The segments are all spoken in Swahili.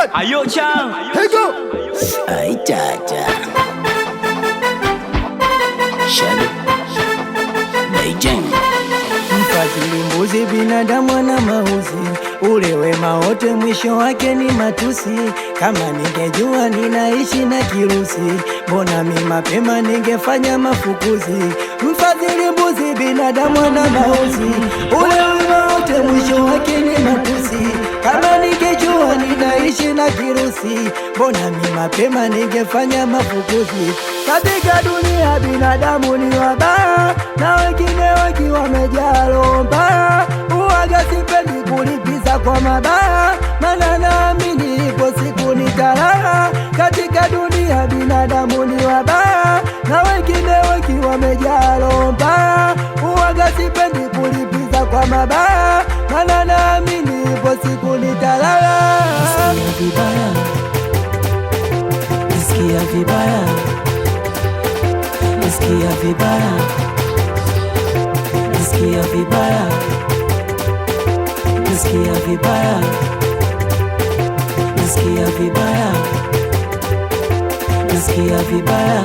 Good. Hey go. Ay Shabu. Beijing. Mfadhili mbuzi, binadamu na mauzi ule wema wote mwisho wake ni matusi. Kama ningejua ninaishi na kirusi, mbona mi mapema ningefanya mafukuzi. Mfadhili mbuzi, binadamu na mauzi ule naishi na kirusi, mbona mi mapema ningefanya mafukuzi. Katika dunia binadamu ni wabaya, na wengine wengi wamejaa roho mbaya. Uwaga sipendi kulipiza kwa mabaya, mana naamini ipo siku nitalala. Katika dunia binadamu ni wabaya, na wengine wengi wamejaa roho mbaya. Uwaga sipendi kulipiza kwa mabaya Mana naamini ipo siku nitalala. Nasikia vibaya, nasikia vibaya, nasikia vibaya, nasikia vibaya, nasikia vibaya, nasikia vibaya, nasikia vibaya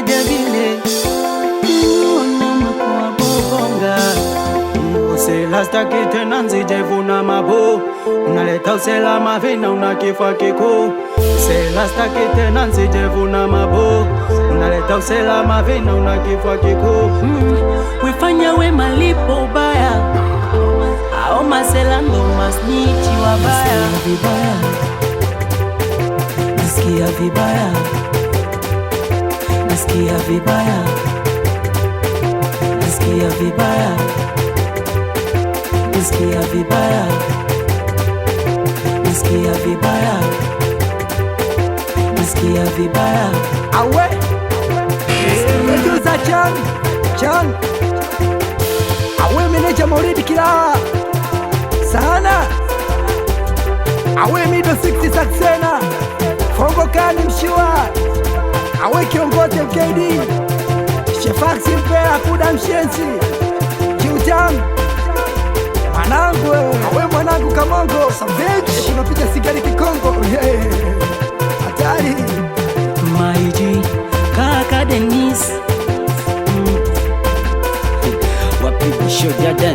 Sitaki tena nsijevuna mabu, unaleta usalama vina una kifua kikuu. Sela sitaki tena nsijevuna mabo, unaleta usalama vina una kifua kikuu. Mm, wifanya we malipo ubaya, ao masela ndo masnichi wabaya. Vibaya nasikia vibaya, nasikia vibaya, nasikia vibaya nisikia vibaya, nisikia vibaya, nisikia vibaya. Awe za Chan Chan, awe meneja Maulidi Kilaha sana, awe Mido 60 Saksena Fongo Kani Mshua, awe kiongozi MKD Shefaksi Mpea Kuda Mshensi Kiutam mwanangu, awe mwanangu kamongo savage, unapiga sigari kikongo hatari yeah. Maiji kaka Denis mm. wapiga